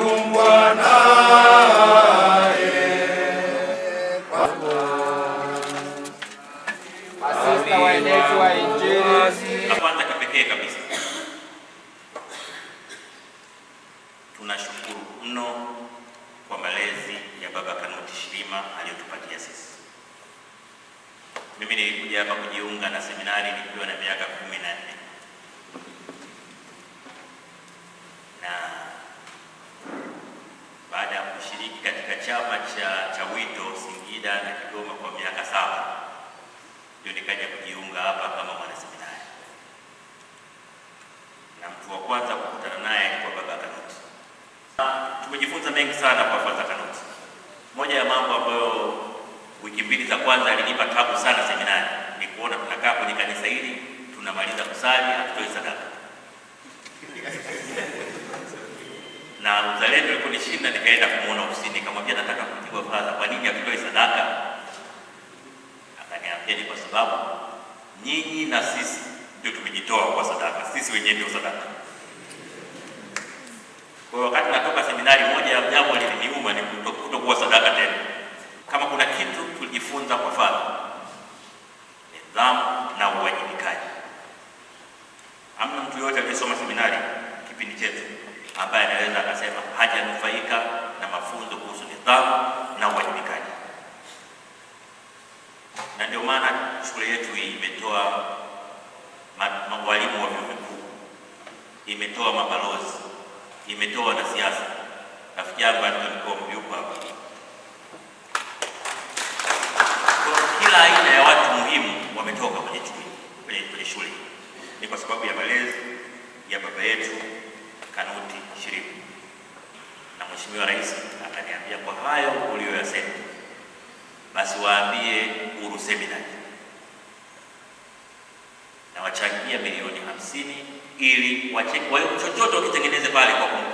kukumbwa naye. Kwanza kapekee kabisa, tunashukuru mno kwa malezi ya Baba Kanuti Shirima aliyotupatia sisi. Mimi nilikuja hapa kujiunga na seminari nikiwa na miaka kumi na nne. kushiriki katika chama cha wito Singida na Kigoma kwa miaka saba, ndio nikaja kujiunga hapa kama mwanaseminari, na mtu wa kwanza kukutana naye alikuwa baba Kanuti. Tumejifunza mengi sana kwa baba Kanuti. Moja ya mambo ambayo wiki mbili za kwanza alinipa tabu sana seminari ni kuona tunakaa kwenye kanisa hili tunamaliza kusali hatutoi sadaka na uzalendo ulikuwa nishinda, nikaenda kumuona ofisini, nikamwambia nataka kupigwa fadha, kwa nini akitoe sadaka? Akaniambia ni kwa sababu nyinyi na sisi ndio tumejitoa kwa sadaka, sisi wenyewe ndio sadaka. Kwa hiyo wakati natoka seminari moja ya jambo liliniuma ni kutokuwa sadaka tena. Kama kuna kitu tulijifunza kwa fadha, nidhamu na uwajibikaji. Hamna mtu yoyote aliyesoma seminari kipindi chetu ambaye anaweza akasema hajanufaika na mafunzo kuhusu nidhamu na uwajibikaji. Na ndio maana shule yetu hii imetoa mwalimu wa vyuo vikuu, imetoa mabalozi, imetoa wanasiasa. Rafiki yangu Antoni hapa. Kila aina ya watu muhimu wametoka kwenye shule, ni kwa sababu ya malezi ya baba yetu kanuti ishirini na Mheshimiwa Rais ataniambia kwa hayo uliyoyasema, basi waambie Uru Seminar na wachangia milioni hamsini ili wache, kwa hiyo chochote wakitengeneze pale kwa